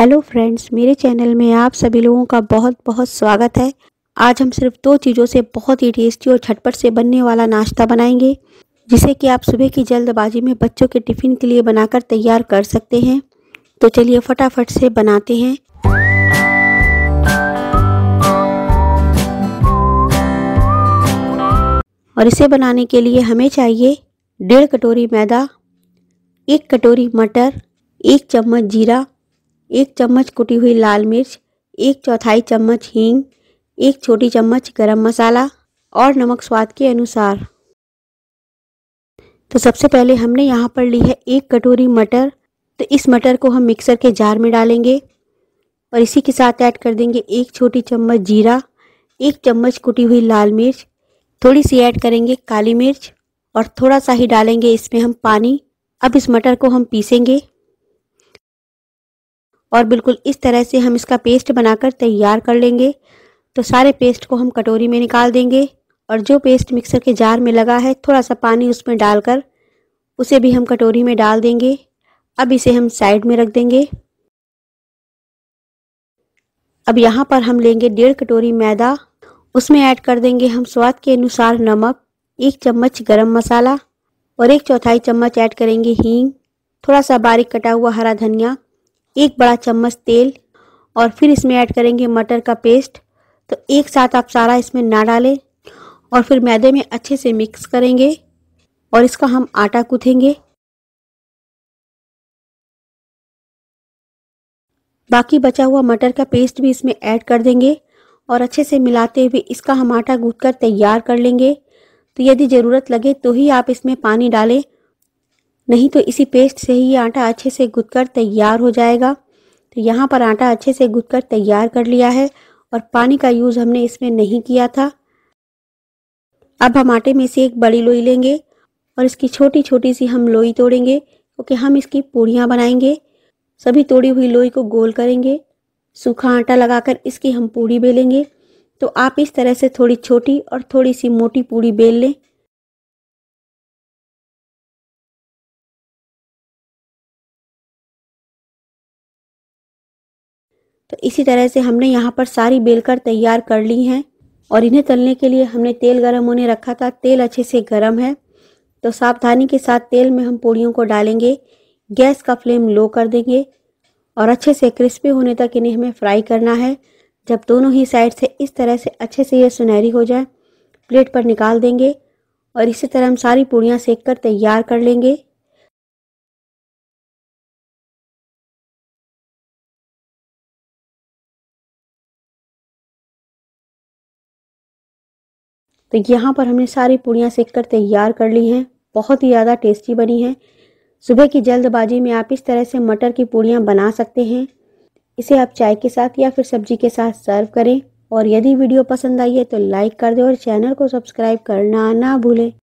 hello friends मेरे channel में आप सभी लोगों का बहुत बहुत स्वागत है आज हम सिर्फ दो चीज़ों से बहुत ही टेस्टी और झटपट से बनने वाला नाश्ता बनाएंगे जिसे कि आप सुबह की जल्दबाजी में बच्चों के टिफ़िन के लिए बनाकर तैयार कर सकते हैं तो चलिए फटाफट से बनाते हैं और इसे बनाने के लिए हमें चाहिए डेढ़ कटोरी मैदा एक कटोरी मटर एक चम्मच जीरा एक चम्मच कुटी हुई लाल मिर्च एक चौथाई चम्मच हींग एक छोटी चम्मच गरम मसाला और नमक स्वाद के अनुसार तो सबसे पहले हमने यहाँ पर ली है एक कटोरी मटर तो इस मटर को हम मिक्सर के जार में डालेंगे और इसी के साथ ऐड कर देंगे एक छोटी चम्मच जीरा एक चम्मच कुटी हुई लाल मिर्च थोड़ी सी ऐड करेंगे काली मिर्च और थोड़ा सा ही डालेंगे इसमें हम पानी अब इस मटर को हम पीसेंगे और बिल्कुल इस तरह से हम इसका पेस्ट बनाकर तैयार कर लेंगे तो सारे पेस्ट को हम कटोरी में निकाल देंगे और जो पेस्ट मिक्सर के जार में लगा है थोड़ा सा पानी उसमें डालकर उसे भी हम कटोरी में डाल देंगे अब इसे हम साइड में रख देंगे अब यहाँ पर हम लेंगे डेढ़ कटोरी मैदा उसमें ऐड कर देंगे हम स्वाद के अनुसार नमक एक चम्मच गरम मसाला और एक चौथाई चम्मच ऐड करेंगे हींग थोड़ा सा बारीक कटा हुआ हरा धनिया एक बड़ा चम्मच तेल और फिर इसमें ऐड करेंगे मटर का पेस्ट तो एक साथ आप सारा इसमें ना डालें और फिर मैदे में अच्छे से मिक्स करेंगे और इसका हम आटा गूँथेंगे बाकी बचा हुआ मटर का पेस्ट भी इसमें ऐड कर देंगे और अच्छे से मिलाते हुए इसका हम आटा गूँथ कर तैयार कर लेंगे तो यदि ज़रूरत लगे तो ही आप इसमें पानी डालें नहीं तो इसी पेस्ट से ही ये आटा अच्छे से गुद कर तैयार हो जाएगा तो यहाँ पर आटा अच्छे से गुद तैयार कर लिया है और पानी का यूज़ हमने इसमें नहीं किया था अब हम आटे में से एक बड़ी लोई लेंगे और इसकी छोटी छोटी सी हम लोई तोड़ेंगे क्योंकि हम इसकी पूड़ियाँ बनाएंगे सभी तोड़ी हुई लोई को गोल करेंगे सूखा आटा लगाकर इसकी हम पूड़ी बेलेंगे तो आप इस तरह से थोड़ी छोटी और थोड़ी सी मोटी पूड़ी बेल लें तो इसी तरह से हमने यहाँ पर सारी बेलकर तैयार कर ली हैं और इन्हें तलने के लिए हमने तेल गर्म होने रखा था तेल अच्छे से गर्म है तो सावधानी के साथ तेल में हम पूड़ियों को डालेंगे गैस का फ्लेम लो कर देंगे और अच्छे से क्रिस्पी होने तक इन्हें हमें फ्राई करना है जब दोनों ही साइड से इस तरह से अच्छे से ये सुनहरी हो जाए प्लेट पर निकाल देंगे और इसी तरह हम सारी पूड़ियाँ सेक कर तैयार कर लेंगे तो यहाँ पर हमने सारी पूड़ियाँ सेक कर तैयार कर ली हैं बहुत ही ज़्यादा टेस्टी बनी है सुबह की जल्दबाजी में आप इस तरह से मटर की पूड़ियाँ बना सकते हैं इसे आप चाय के साथ या फिर सब्जी के साथ सर्व करें और यदि वीडियो पसंद आई है तो लाइक कर दें और चैनल को सब्सक्राइब करना ना भूलें